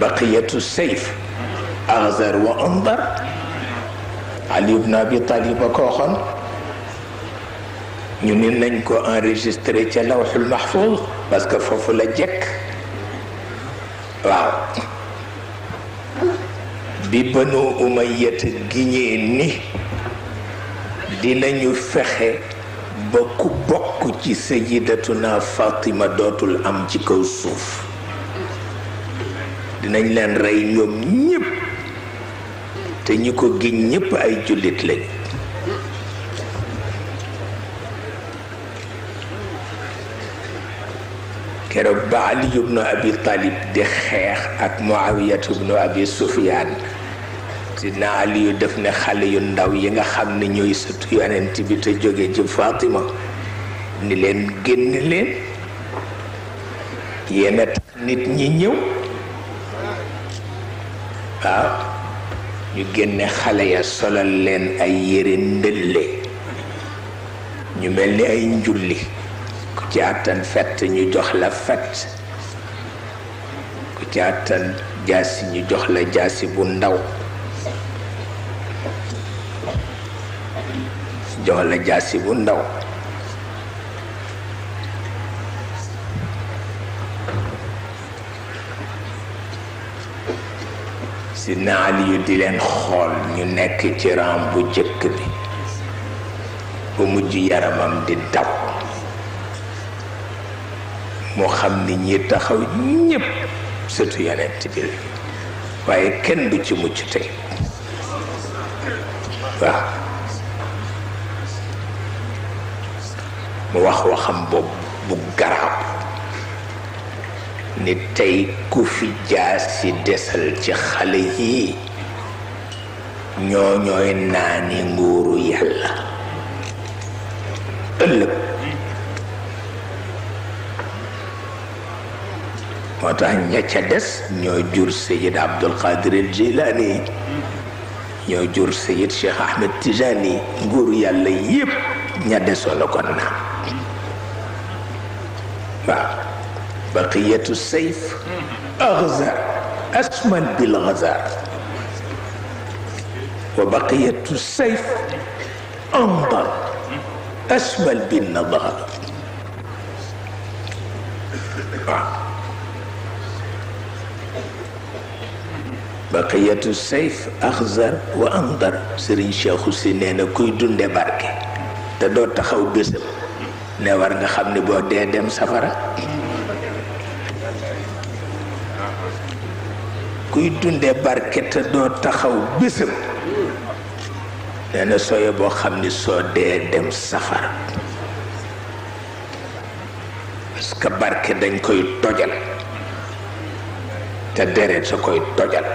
بقية السيف أغزر وأنظر علي بن أبي طالب كوخن ñu ne nañ ko enregistré ca lawxul mahfouz parce que foofu la jekk waaw bi banu umayat giñee ni dinañu fexe ba ku bokk ci sayidatuna fatima dootul am ci kaw suuf dinañ leen rey ñoom ñépp te ñi ko giñ ñépp ay jullit lañ keroog ba Ali ibnu Abi Talib di xeex ak Muawiyatu nu Abi Sufyaan sidna Ali def ne xale yu ndaw yi nga xam ne ñuy sëtu yonent bi te jóge ci Fatima ni leen génn leen yéen tax nit ñi ñëw waaw ah, ñu génne xale ya solal leen ay yére ndëlle ñu mel ni ay njulli ku ci àttan fett ñu jox la fett ku ci àttan jaasi ñu jox la jaasi bu ndaw jox la jaasi bu ndaw sidna ali yu di leen xool ñu nekk ci ram bu jëkk bi bu mujj yaramam di daw moo xam ni ñi taxaw ñépp sëtu yonent bi la waaye kenn du ci mucc tey waaw mu wax waxam boobu bu garab ni tey ku fi jaas si desal ci xale yii ñoo ñooy naani nguuru yàlla ëllëg moo ña ca des ñoo jur sayid abdul qadir al jilani ñoo jur sayid cheikh ahmed tijani nguuru yàlla yépp ña desoon la kon naam waaw بقية السيف أغزى أسمد بالغزاء وبقية السيف أنظر أسمل بالنظر بقية السيف أخزر وأنظر سرين شيخ سنين كوي دون تدور تخو بسم نوار نخم نبو دي دم سفرة kuy dunde barke te doo taxaw bésam nee na boo xam ni soo dee dem safara parce que barke dañ koy tojal te deret sa koy tojal